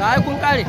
đấy cũng cây